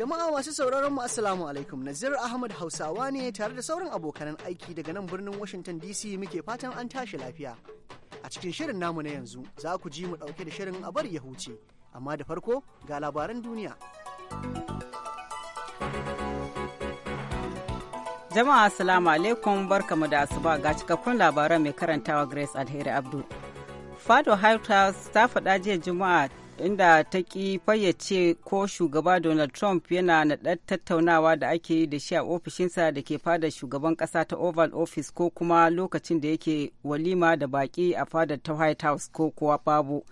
Jama'a masu sauraron mu Assalamu alaikum Nazir Ahmad Hausawa ne tare da sauran abokanan aiki daga nan birnin Washington DC muke fatan an tashi lafiya. A cikin shirin namu na yanzu za ku ji mu ɗauke da shirin a bari ya huce, amma da farko ga labaran duniya. Jama'a Assalamu alaikum barkamu da asuba ga cikakkun labaran mai karantawa Grace Alheri Abdu. Fado White House ta faɗa jiya Juma'a inda ta ki fayyace ko shugaba Donald Trump yana naɗar tattaunawa da ake yi da shi a ofishinsa da ke fadar shugaban ƙasa ta Oval Office ko kuma lokacin da yake walima da baƙi a fadar ta White House ko kuwa babu.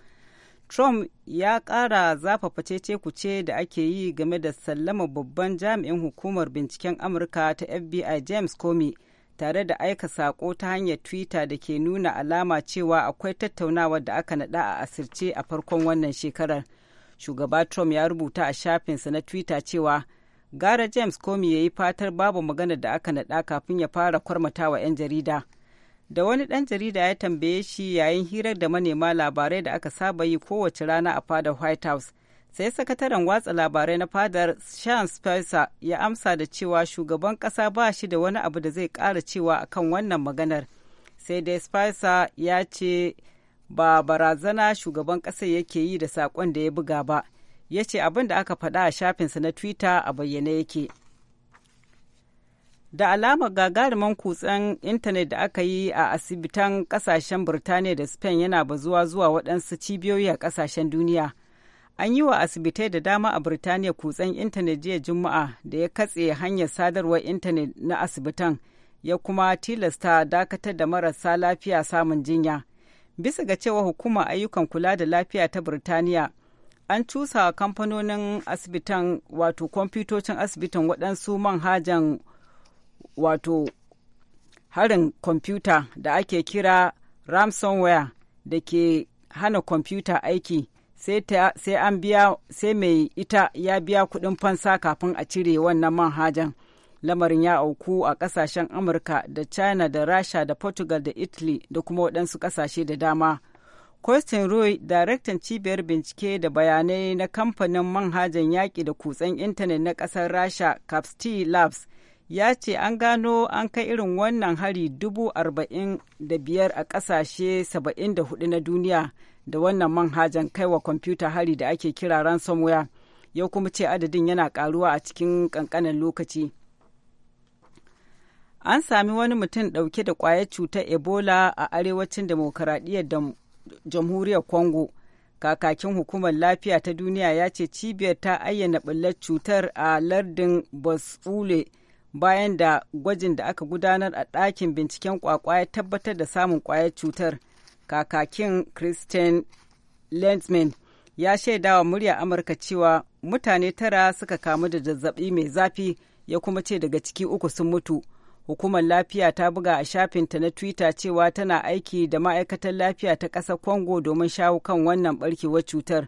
Trump ya ƙara zafafa cece-kuce da ake yi game da sallama babban jami'in hukumar binciken Amurka ta FBI James Comey. tare da aika saƙo ta hanyar twitter da ke nuna alama cewa akwai tattaunawar da aka naɗa a asirce a farkon wannan shekarar shugaba trump ya rubuta a shafinsa na twitter cewa gara james komi ya yi fatar babu magana da aka naɗa kafin ya fara kwarmatawa 'yan jarida da wani ɗan jarida ya tambaye shi yayin hirar da manema labarai da aka saba yi kowace rana a fadar white house sai sakataren watsa labarai na fadar sean spicer ya amsa da cewa shugaban kasa ba shi da wani abu da zai kara cewa akan wannan maganar sai dai spicer ya ce ba barazana shugaban ƙasar yake yi da saƙon da ya buga ba ya ce abin da aka faɗa a shafinsa na twitter a bayyane yake da alama gagarumin kutsen intanet da aka yi a asibitan kasashen birtaniya da spain yana bazuwa zuwa waɗansu cibiyoyi a kasashen duniya an yi wa asibitai da dama a Birtaniya kutsen intanet jiya Juma'a da ya katse hanyar sadarwar intanet na asibitan ya kuma tilasta dakatar da marasa lafiya samun jinya. Bisa ga cewa hukumar ayyukan kula da lafiya ta Birtaniya an cusa kamfanonin asibitan wato kwamfutocin asibitan waɗansu manhajan wato harin kwamfuta da ake kira ransomware da ke hana kwamfuta aiki. sai an biya sai mai ita ya biya kuɗin fansa kafin a cire wannan manhajan lamarin ya auku a ƙasashen amurka da china da rasha da portugal da italy da kuma waɗansu ƙasashe da dama Costin Roy, daraktan cibiyar bincike da bayanai na kamfanin manhajan yaƙi da kutsen intanet na ƙasar Rasha, Capstee Labs, ya ce an gano an kai irin wannan hari dubu arba'in biyar a ƙasashe saba'in hudu na duniya, da wannan manhajan kaiwa kwamfuta hari da ake kira ransomware ya kuma ce adadin yana karuwa a cikin kankanin lokaci an sami wani mutum ɗauke da kwayar cutar ebola a arewacin demokaradiyyar jamhuriyar congo kakakin hukumar lafiya ta duniya ya ce cibiyar ta ayyana ɓullar cutar a lardin basule bayan da gwajin da aka gudanar a ɗakin binciken ya tabbatar da samun kwayar cutar kakakin Christian Lenzman ya shaidawa murya Amurka cewa mutane tara suka kamu da zazzabi mai zafi ya kuma ce daga ciki uku sun mutu. Hukumar lafiya ta buga a shafinta na Twitter cewa tana aiki da ma'aikatar lafiya ta ƙasar Congo domin shawo kan wannan barkewar cutar.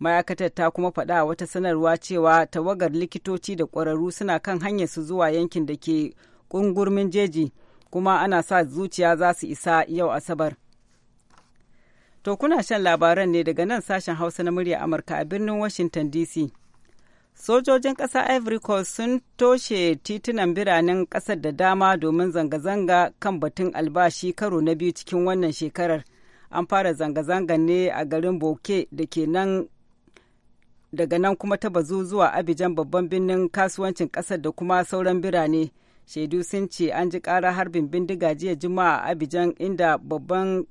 Ma'aikatar ta kuma faɗa wata sanarwa cewa tawagar likitoci da ƙwararru suna kan hanyar su zuwa yankin da ke ƙungurmin jeji kuma ana sa zuciya za su isa yau Asabar. To kuna shan labaran ne daga nan sashen Hausa na murya Amurka a birnin Washington DC. Sojojin ƙasa Ivory Coast sun toshe titunan biranen ƙasar da dama domin zanga-zanga kan batun albashi karo na biyu cikin wannan shekarar. An fara zanga-zangan ne a garin Boke da ke nan daga nan kuma ta bazu zuwa Abidjan babban birnin kasuwancin ƙasar da kuma sauran birane. Shaidu sun ce an ji ƙara harbin bindiga jiya Juma'a a Abidjan inda babban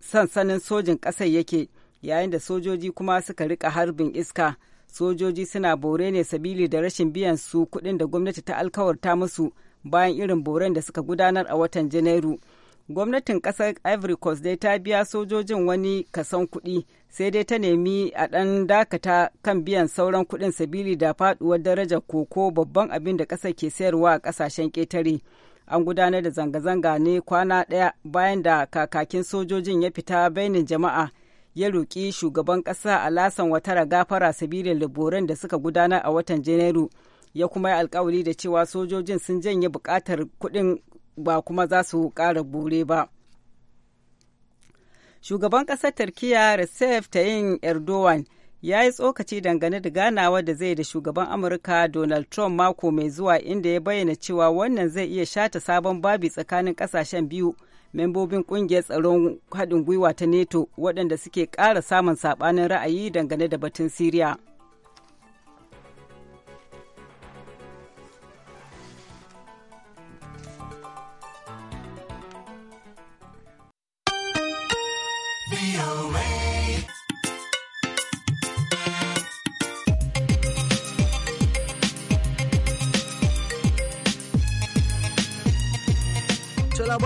sansanin sojin ƙasar yake yayin da sojoji kuma suka rika harbin iska sojoji suna bore ne sabili da rashin biyan su kuɗin da gwamnati ta alkawarta musu bayan irin boren da suka gudanar a watan janairu gwamnatin ƙasar ivory coast dai ta biya sojojin wani kasan kuɗi sai dai ta nemi a ɗan dakata kan biyan sauran kuɗin sabili da faɗuwar darajar koko babban abin da ƙasar ke sayarwa a ƙasashen ƙetare an gudanar da zanga-zanga ne kwana ɗaya bayan da kakakin sojojin ya fita bainin jama'a ya roƙi shugaban ƙasa a lasan watara gafara sabirin laboran da suka gudanar a watan janairu ya kuma yi alkawari da cewa sojojin sun janye buƙatar kuɗin ba kuma za su ƙara bure ba shugaban ƙasar turkiya recep tayyip erdogan ya yi tsokaci dangane da ganawa da zai da shugaban amurka donald trump mako mai zuwa inda ya bayyana cewa wannan zai iya shata sabon babi tsakanin kasashen biyu membobin kungiyar tsaron haɗin gwiwa ta neto waɗanda suke ƙara samun saɓanin ra'ayi dangane da batun siriya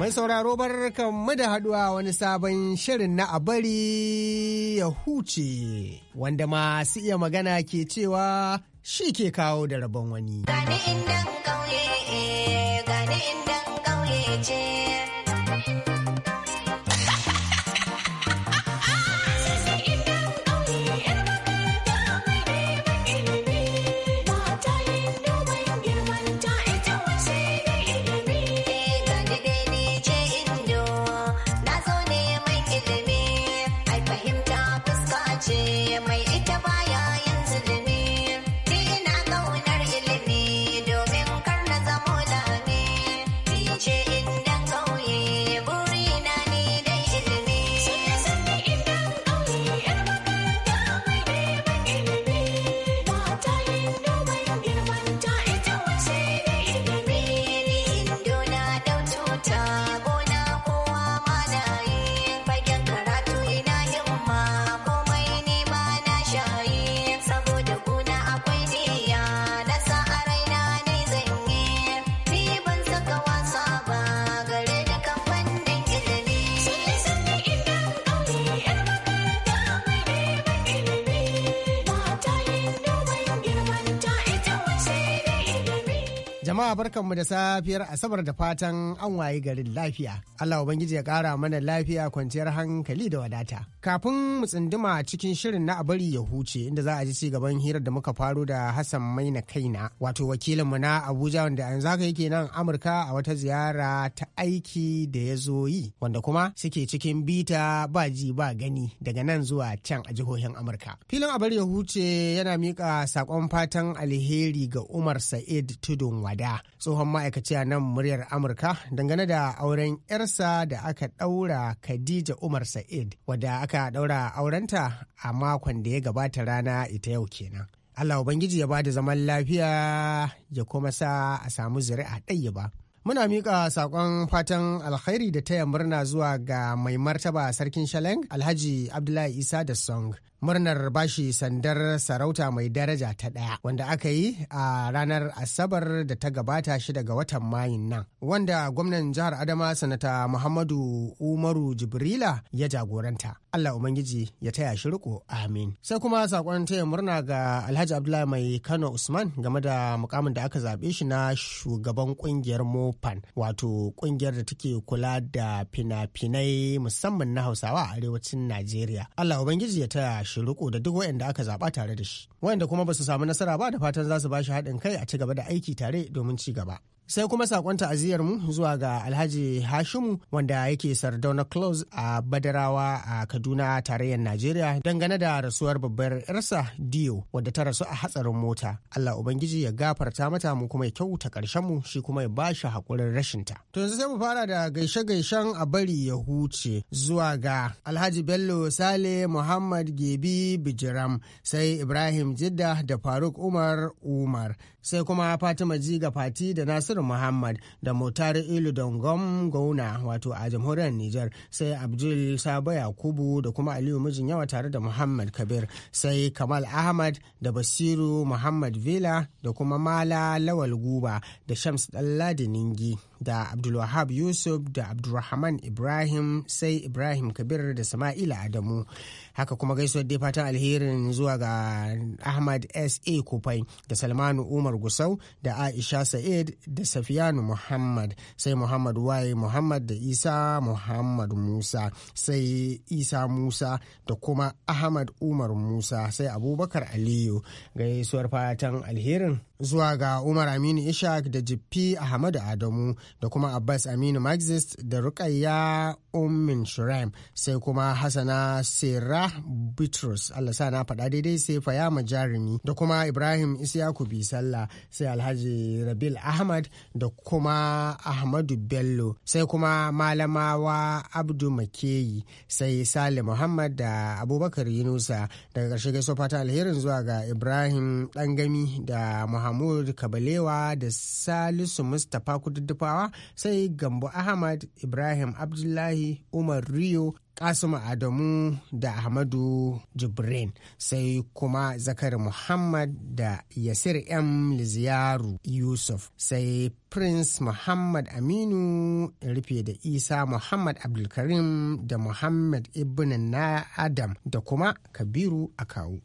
Mai sauraro barkan mu da haduwa wani sabon shirin na abari ya huce wanda masu iya magana ke cewa shi ke kawo da rabon wani. Gani barkanmu da safiyar Asabar da fatan an waye garin lafiya. Allah Ubangiji ya ƙara mana lafiya kwanciyar hankali da wadata. Kafin mu tsinduma cikin shirin na abari ya huce inda za a ji cigaban hirar da muka faro da Hassan Maina Kaina wato wakilinmu na Abuja wanda yanzu haka yake nan Amurka a wata ziyara ta aiki da ya zo yi wanda kuma suke cikin bita ba ji ba gani daga nan zuwa can a jihohin Amurka. Filin abari ya huce yana miƙa saƙon fatan alheri ga Umar Sa'id Tudun Wada tsohon ma'aikaci a nan muryar Amurka dangane da auren 'yar matarsa da aka ɗaura Khadija Umar Sa'id wadda aka ɗaura aurenta a makon da ya gabata rana ita yau kenan. Allah Ubangiji ya ba da zaman lafiya ya kuma sa a samu zuri'a ɗaya ba. Muna miƙa saƙon fatan alkhairi da taya murna zuwa ga mai martaba sarkin Shaleng Alhaji Abdullahi Isa da Song murnar bashi sandar sarauta mai daraja ta ɗaya wanda aka yi a ranar asabar da ta gabata shi daga watan mayin nan wanda gwamnan jihar adama sanata muhammadu umaru jibrila ya jagoranta allah ubangiji ya taya shi riko amin sai kuma sakon taya murna ga alhaji abdullahi mai kano usman game da mukamin da aka zaɓe shi na shugaban kungiyar mopan wato kungiyar da take kula da fina-finai musamman na hausawa a arewacin najeriya allah ubangiji ya taya shi riko da duk wayanda aka zaba tare da shi wayanda kuma ba su samu nasara ba da fatan za su ba shi haɗin kai a ci gaba da aiki tare domin ci gaba sai kuma sakon ta'aziyar mu zuwa ga alhaji hashimu wanda yake sardauna close a badarawa a kaduna tarayyar najeriya dangane da rasuwar babbar yarsa dio wadda ta rasu a hatsarin mota allah ubangiji ya gafarta mata mu kuma ya kyauta karshen mu shi kuma ya ba shi hakurin rashin ta to yanzu sai mu fara da gaishe gaishen a bari ya huce zuwa ga alhaji bello sale muhammad gebi bijiram sai ibrahim jidda da faruk umar umar sai kuma fatima jiga fati da nasiru muhammad da motar ilu dongom gauna wato a jamhuriyar nijar sai abdul sabo yakubu da kuma aliyu mijin yawa tare da muhammad kabir sai kamal ahmad da basiru muhammad villa da kuma mala lawal guba da shams ɗanladi ningi da abdulwahab yusuf da abdulrahman ibrahim sai ibrahim kabir da sama'ila adamu haka kuma gaisuwar dai fatan alherin zuwa ga ahmad sa kufai da salmanu umar gusau da aisha sa'id da safiyanu muhammad sai muhammad waye muhammad da isa muhammad musa sai isa musa da kuma ahmad umar musa sai abubakar aliyu gaisuwar fatan alherin zuwa ga Umar Aminu Ishaq da Jiffi Ahmadu Adamu da kuma Abbas Aminu Maxis da Rukayya Ummin Shuraim sai kuma Hassana Sera Bitrus Allah sa na faɗa daidai sai Fayama Jarumi da kuma Ibrahim Isiaku Bisalla sai Alhaji Rabil Ahmad da kuma Ahmadu Bello sai kuma Malamawa Abdu Makeyi sai Sale Muhammad da Abubakar Yunusa daga ƙarshe gaisofata fata alherin zuwa ga Ibrahim Dangami da Muhammad mahmud kabalewa da salisu mustapha kududdufawa sai gambo ahmad ibrahim abdullahi umar rio kasimu adamu da ahmadu jibrin sai kuma zakari muhammad da yasir m liziyaru yusuf sai prince muhammad aminu rufe da isa muhammad abdulkarim da muhammad ibn na adam da kuma kabiru akawu.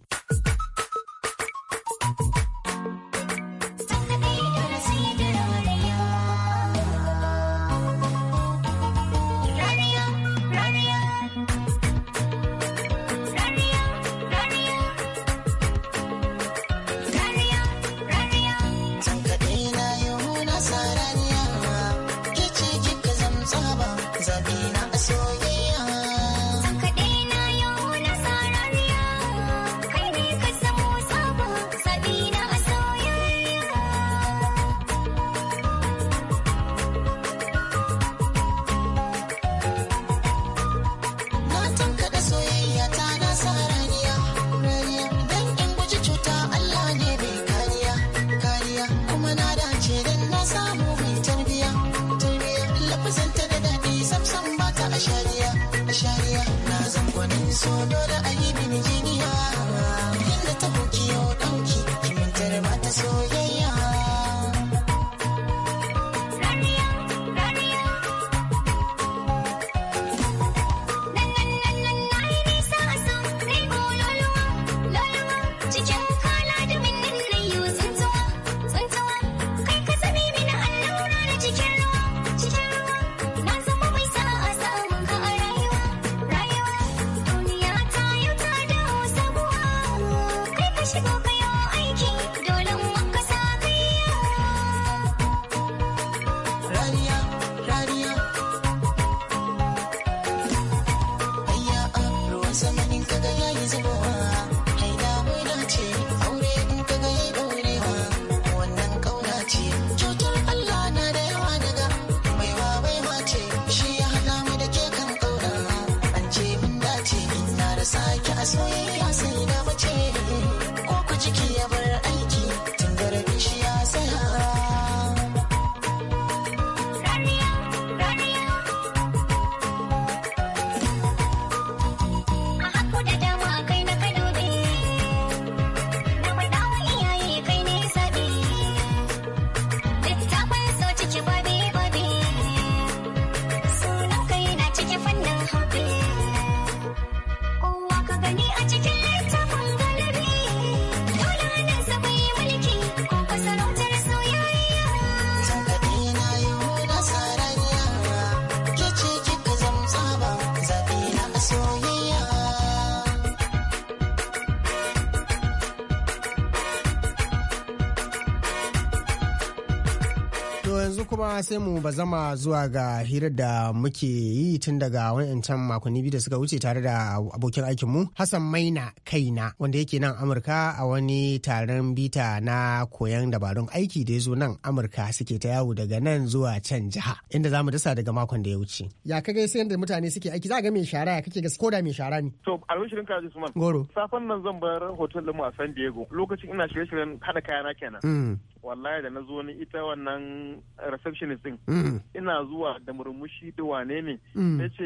sai mu ba zama zuwa ga hirar da muke yi tun daga wayancan makonni biyu da suka wuce tare da abokin aikinmu Hassan Maina Kaina wanda yake nan Amurka a wani taron bita na koyon dabarun aiki da ya zo nan Amurka suke ta yawo daga nan zuwa can jiha inda zamu dasa daga makon da ya wuce. Ya kaga sai yadda mutane suke aiki za ga mai shara ya kake gaske koda mai shara ne. To albishirin kaji suman Goro. Safan nan zan bar hotel mu a San Diego lokacin ina shirye-shiryen hada kayana kenan. Mm. wallahi da na zo ni ita wannan receptionist din mm. ina zuwa da murmushi da wane ne mm. na ce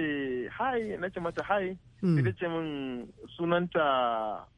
hi na ce mata hi Hmm. sai ce min sunanta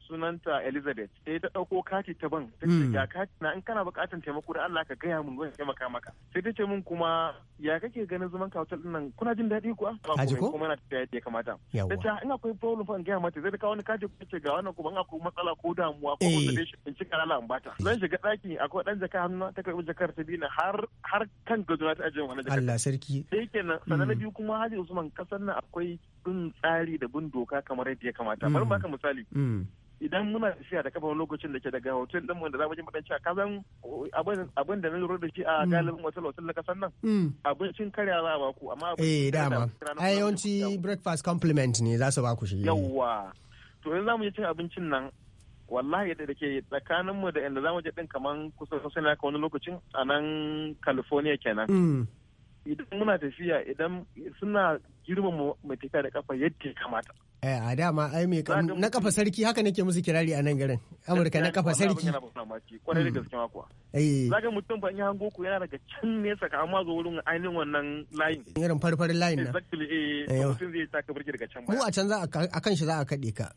sunanta Elizabeth sai ta ɗauko kati ta ban ta ce ga hmm. kati na in kana buƙatar taimako da Allah ka gaya mun zan taimaka maka sai ta ce min kuma ya kake ganin zaman ka hotel dinnan? kuna jin daɗi kuwa ba ko kuma na tafiya ya kamata ta ce ah, in akwai problem fa in gaya mata zai ta kawo wani kati ku ce ga wannan kuma in akwai matsala ko damuwa ko eh. shi in cika lala in bata zan shiga ɗaki akwai ɗan jaka hannu ta karɓi jakar ta dina har har kan gadona ta ajiye wani jakar Allah sarki sai kenan sanan hmm. biyu kuma Haji Usman kasar nan akwai bin tsari da bin doka kamar yadda ya kamata bari mm. baka misali mm. idan muna tafiya da kafa lokacin da ke daga hotel din mu da zamu je madan cewa kazan abin da na lura da shi a mm. galibin hotel hotel na kasan nan abincin karya za a baku amma eh dama ai yawanci breakfast compliment ne za su baku shi yawa to yanzu zamu je cin abincin nan wallahi yadda da ke tsakanin mu da inda zamu je din kaman kusa kusa na wani lokacin a nan California kenan idan muna tafiya idan suna girmama mai tafiya da kafa yadda ya kamata Eh a dama ai me na kafa sarki haka nake musu kirari a nan garin. Amurka na kafa sarki. Kwarai da hmm. gaske ma kuwa. Eh. Zaga mutum ba in hango ku yana daga can nesa ka amma zo wurin ainihin wannan layin. Irin farfarin layin na. Exactly eh, eh mutum zai taka birki daga can. Mu a can za a kan shi za a kaɗe ka.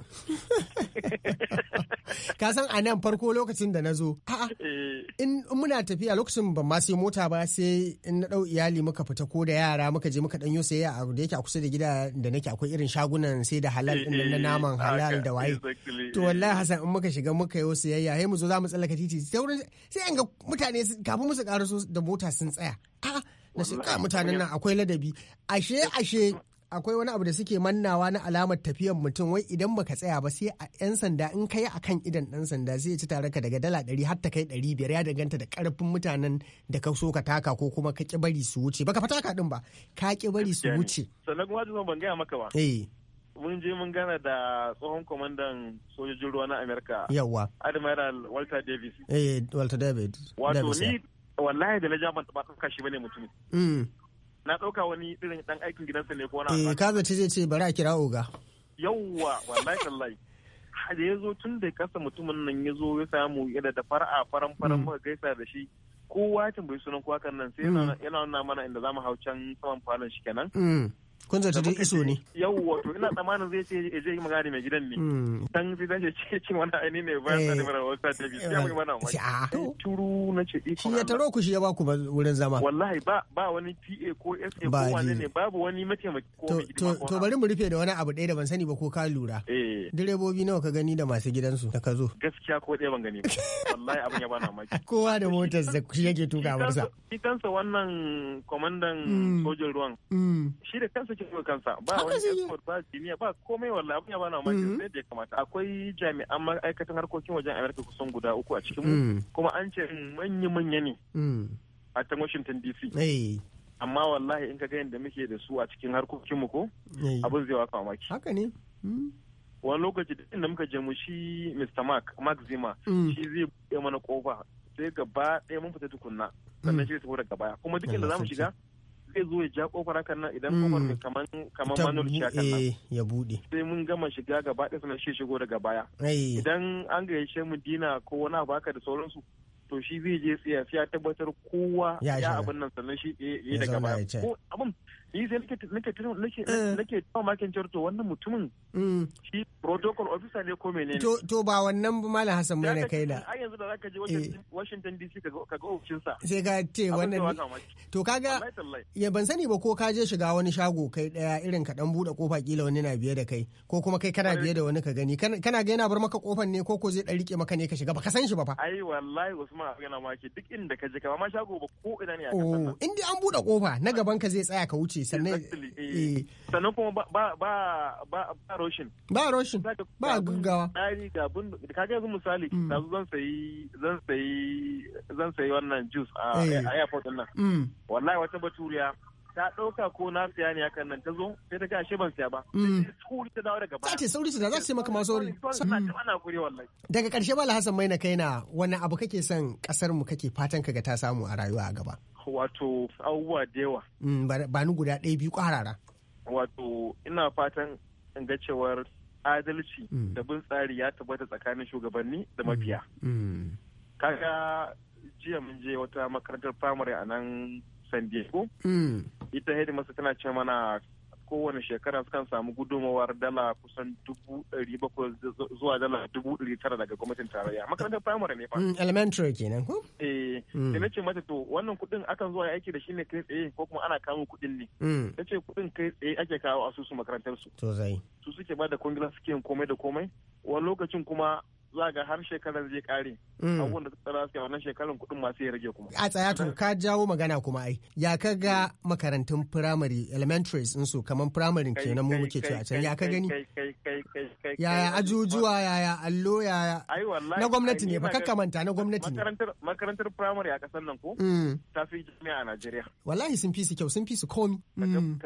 Ka san a nan farko lokacin da na zo. A'a eh. in muna tafiya lokacin ban ma sai mota ba sai in na ɗau iyali muka fita ko da yara muka je muka ɗanyo sayayya a da yake a kusa da gida da nake akwai irin shagunan sai da halal din na eh, eh, naman halal da waye to wallahi eh. hasan in muka shiga muka yi siyayya sai mu zo za mu tsallaka titi sai an ga mutane kafin musu karaso da mota sun tsaya a na shi ka mutanen nan akwai ladabi ashe ashe akwai wani abu da suke mannawa na alamar tafiyan mutum wai idan baka tsaya ba sai a yan sanda in kai akan idan dan sanda sai ya ci tare ka daga dala 100 har ta kai 500 ya danganta da karfin mutanen da ka so ka taka ko kuma ka ki bari su wuce baka fataka din ba ka ki su wuce sannan kuma ban gaya maka ba eh mun je mun gana da tsohon kwamandan sojojin ruwa na Amerika. yawa Admiral Walter Davis. Eh, Walter david Wato ni wallahi da na ja ban ɗauka shi bane mutum mm. Na dauka wani irin dan aikin gidansa ne ko na. Eh, ka zace zai ce bari a kira oga. yawa wallahi tallahi. Da yazo tun da kasa mutumin nan yazo ya samu yana da far'a faran faran mm. muka gaisa da shi. Kowa ya tambayi sunan kwakan nan sai mm. yana nuna mana inda zamu hau can saman falon shi kenan. Mm. kun zata dai iso ne yau wato ina tsammanin zai ce je yi magana mai gidan ne hmm. dan zai zai ce cin wannan aini ne ba sa da eh. mara wasa da bi sai eh. mai mana mai turu na ce iko shi ya taro ku shi ya ku wurin zama wallahi ba ba wani PA ko SA ko wani ne babu wani mataimaki ko to to bari mu rufe da wani abu ɗaya da ban sani ba ko ka lura eh. direbobi nawa ka gani da masu gidansu da ka zo gaskiya ko ɗaya ban gani ba wallahi abin ya bana maki kowa da motar da shi yake tuka barsa shi kansa wannan komandan hmm. sojin ruwan hmm. shi da kansa ke kansa ba wani escort ba jiniya ba komai wallahi abin ya bana mamaki mm-hmm. sai da ya kamata akwai jami'an ma'aikatan harkokin wajen Amerika kusan guda uku a cikin mm. kuma an ce manya-manya ne mm. a ta Washington DC. Amma wallahi in ka ga yadda muke da su a cikin harkokin mu ko abin zai waka mamaki. Haka ne. Mm. Wani lokaci da muka je mu shi Mr. Mark Mark Zima shi zai buɗe mana kofa sai gaba ɗaya mun fita tukunna sannan shi zai tafi daga baya kuma duk inda za mu shiga sai zo ya ja kofar hakan nan idan kofar hmm. mai kaman kaman manual shi hakan nan ya bude sai mun gama shiga gaba ɗaya sannan shi shigo daga baya idan an gayyace mu dina ko wani abu haka da sauransu to shi zai je tsaya sai ya tabbatar kowa ya abin nan sannan shi ya daga baya ko abin ni sai nake nake nake eh. nake makin to wannan mutumin mm. shi protocol officer ne ko menene to to ba wannan ba malam Hassan mai kai da ai yanzu da zaka je Washington eh. DC ka ga ofishin sa sai ka ce wannan to kaga ya ban sani ba ko ka je shiga wani shago kai daya irin ka dan bude kofa kila wani na biye da kai ko kuma kai kana biye da wani ka gani kana ga yana bar maka kofan ne ko ko zai dan rike maka ne ka shiga ba ka san shi ba fa ai wallahi Usman abu yana maki duk inda ka je ka ba ma shago ba ko ina ne a kasan oh, inda an bude kofa na gaban ka zai tsaya ka wuce sannan eh. eh. sannan kuma ba ba ba ba roshin ba roshin ba gaggawa dari ga bun ka ga yanzu misali mm. na zan sayi zan sayi zan sayi wannan juice a eh. airport din nan mm. wallahi wata baturiya ta ɗauka ko na siya ne hakan nan ta zo sai ta ga ashe ban siya ba. Mm. Sauri ta dawo daga baya. Za ta sauri ta za su yi maka ma sauri. Mm. Daga ƙarshe Bala Hassan Maina na wani abu kake son ƙasar mu kake fatan ka ga ta samu a rayuwa a gaba. Wato abubuwa da yawa. Mm, ba ni guda ɗaya biyu kwarara. Wato ina fatan in ga cewar adalci da bin tsari ya tabbata tsakanin shugabanni da mafiya. Kaga jiya mun je wata makarantar firamare a nan san diego hmm. ita hedimasta tana ce mana kowane shekara sukan samu gudunmawar dala kusan dubu ɗari bakwai zuwa dala dubu ɗari tara daga gwamnatin tarayya makarantar primary ne fa. Hmm, elementary kenan ko. eh hmm. mata to wannan kuɗin akan zuwa aiki da shi ne kai tsaye ko kuma ana kawo kuɗin ne. ta ce kuɗin kai tsaye ake kawo asusu makarantar su. to zai. su suke ba da kwangila suke komai da komai wani lokacin kuma zuwa ga har shekarar zai kare mm. abubuwan da tsara suke wannan shekarar kuɗin masu ya rage kuma a tsaya to ka jawo magana kuma ai ya ka ga makarantun primary elementary in su kamar primary kenan mu muke cewa can ya ka gani yaya ajujuwa yaya allo yaya na gwamnati ne ba kakka manta na gwamnati ne makarantar primary a kasar nan ko mm. ta fi jami'a a Najeriya wallahi sun fi su kyau sun fi su komi mm.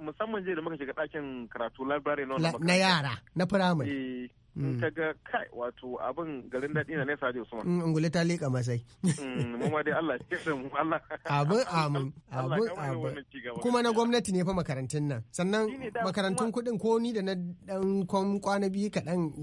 musamman jiya da muka shiga ɗakin karatu library na yara na primary eh, in ta mm. ga kai wato abin garin daɗi na nesa da Usman. Mm, Ungule ta leƙa masai. Mm, mu ma dai Allah ya mu Allah. Abin amin abin amin. Kuma na gwamnati ne fa makarantun nan. Sannan makarantun kuɗin ko ni da na ɗan kwana biyu kaɗan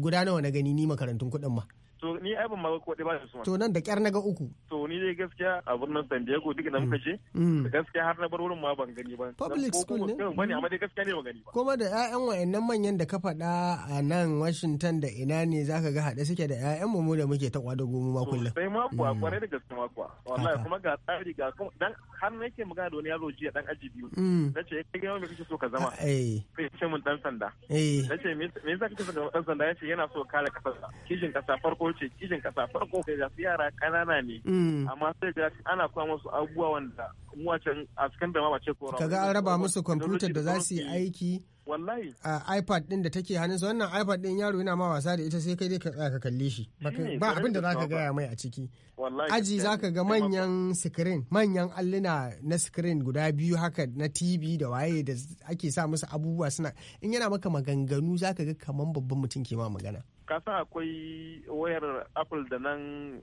guda nawa na gani ni makarantun kuɗin ma. to ni ai ban ma ko ba su to nan da kyar na ga uku to ni dai gaskiya a birnin San Diego duk da mm. muka je mm. gaskiya har na bar wurin ma ban gani ba public school ne ne amma dai gaskiya ne ba gani ba kuma da ƴaƴan wayannan manyan da ka faɗa a nan Washington da ina ne zaka ga haɗe suke da ƴaƴan mu da muke ta kwada gomu ma kullum sai ma kuwa kwarai mm. da gaskiya ma kuwa wallahi kuma ga tsari ga kuma dan har na yake magana da wani yaro jiya dan aji biyu nace eh, kai ga me kake so ka zama eh sai ce mun dan sanda eh nace me yasa kake so ka dan sanda yace yana so kare kasar kishin kasa farko farko ce kasa farko kai ga yara kanana ne mm. amma sai ga ana kuma musu abubuwa wanda mu a cikin da ma ba ce ko kaga an raba musu computer da za su yi aiki wallahi a ipad din da take hannunsa wannan ipad din yaro yana ma wasa da ita sai kai dai ka tsaya ka kalle shi ba mm, abin da zaka gaya mai a ciki aji zaka ga manyan screen manyan alluna na screen guda biyu haka na tv da waye da ake sa musu abubuwa suna in yana maka maganganu zaka ga kaman babban mutum ke ma magana kasan akwai wayar apple da nan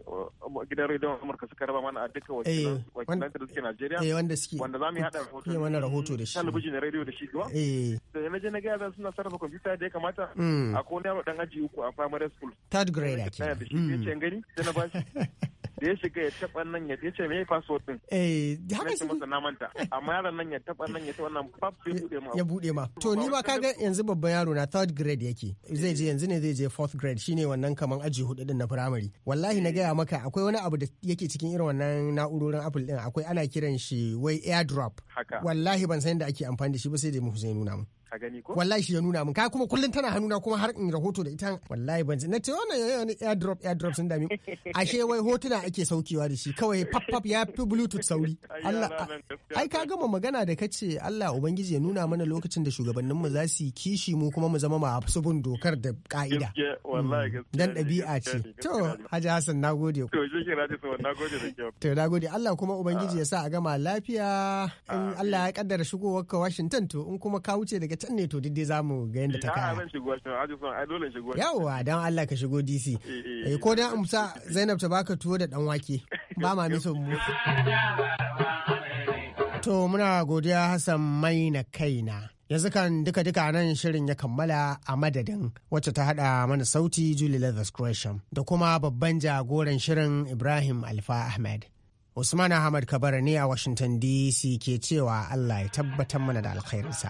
uh, gidan rediyon amurka suka raba mana a duka wakilan eh, da suke najeriya eh, wanda za mu haɗa rahoto wani rahoto da shi talabijin na rediyo da shi kuma eh. da yana je na gaya suna sarrafa kwamfuta da ya kamata hmm. a kone yaro dan aji uku a primary school third grade ake da shi ya ce hmm. gani sai na ba shi da ya shiga ya taɓa nan ya ce me password din eh haka shi masa na manta amma yaron nan ya taɓa nan ya ce wannan pap sai bude ma ya bude ma to ni ma kaga yanzu babban yaro na third grade yake zai je yanzu ne zai je fourth grade shine wannan kaman aji hudu din na primary wallahi na gaya maka akwai wani abu da yake cikin irin wannan na'urorin apple din akwai ana kiran shi wai airdrop wallahi ban san yadda ake amfani da shi ba sai dai mu Hussein nuna mu ka gani ko wallahi shi ya nuna min ka kuma kullun tana hannuna kuma har in rahoto da ita wallahi ban na ce wannan wani airdrop airdrop sun dami ashe wai hotuna ake saukewa da shi kawai pap pap ya fi bluetooth sauri Allah ai ka gama magana da kace Allah ubangiji ya nuna mana lokacin da shugabannin mu za su kishi mu kuma mu zama masu bin dokar da ka'ida hmm. dan ɗabi'a ce to Haji Hassan nagode to to nagode Allah kuma ubangiji ah. ya sa a gama lafiya in Allah ya kaddara shigowar ka Washington to in kuma ka wuce daga can ne to duk dai zamu ga yadda ta eh, kaya Yawwa, don Allah ka shigo DC eh, eh, ko dan amsa Zainab ta baka tuwo da dan wake ba ma miso mu to muna godiya Hassan mai na kaina yanzu kan duka-duka nan shirin ya kammala a madadin wacce ta hada mana sauti Julie Leathers Gresham da kuma babban jagoran shirin Ibrahim Alfa Ahmed. Usman Ahmad Kabara ne a Washington DC ke cewa Allah ya tabbatar mana da alkhairinsa.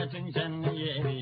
真身也。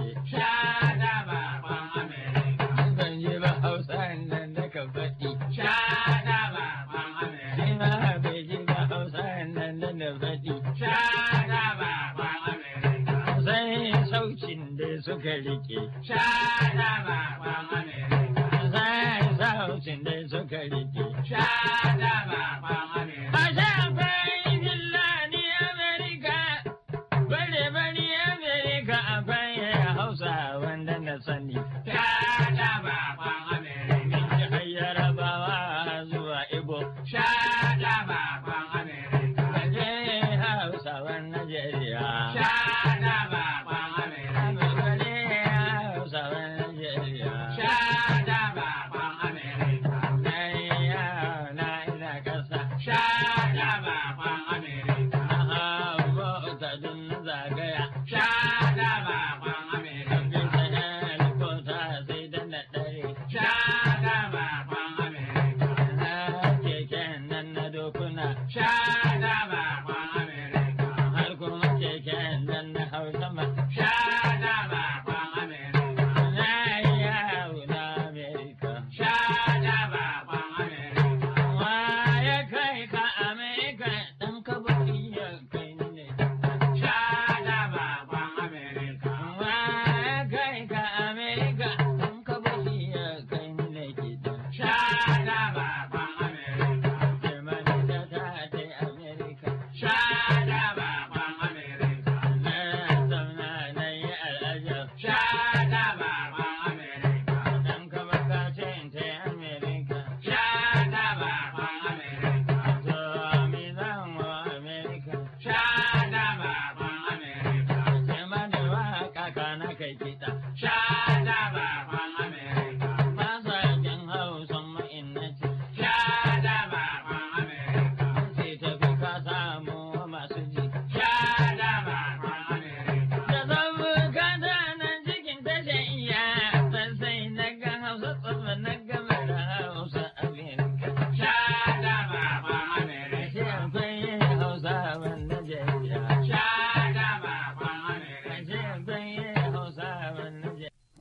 rike. Sha ba kwan Amerika. Zai sautin dai suka rike. Sha ba kwan Amerika. A sha akwai ni Amerika, bare bare Amerika akwai Hausa wanda na sani. Sha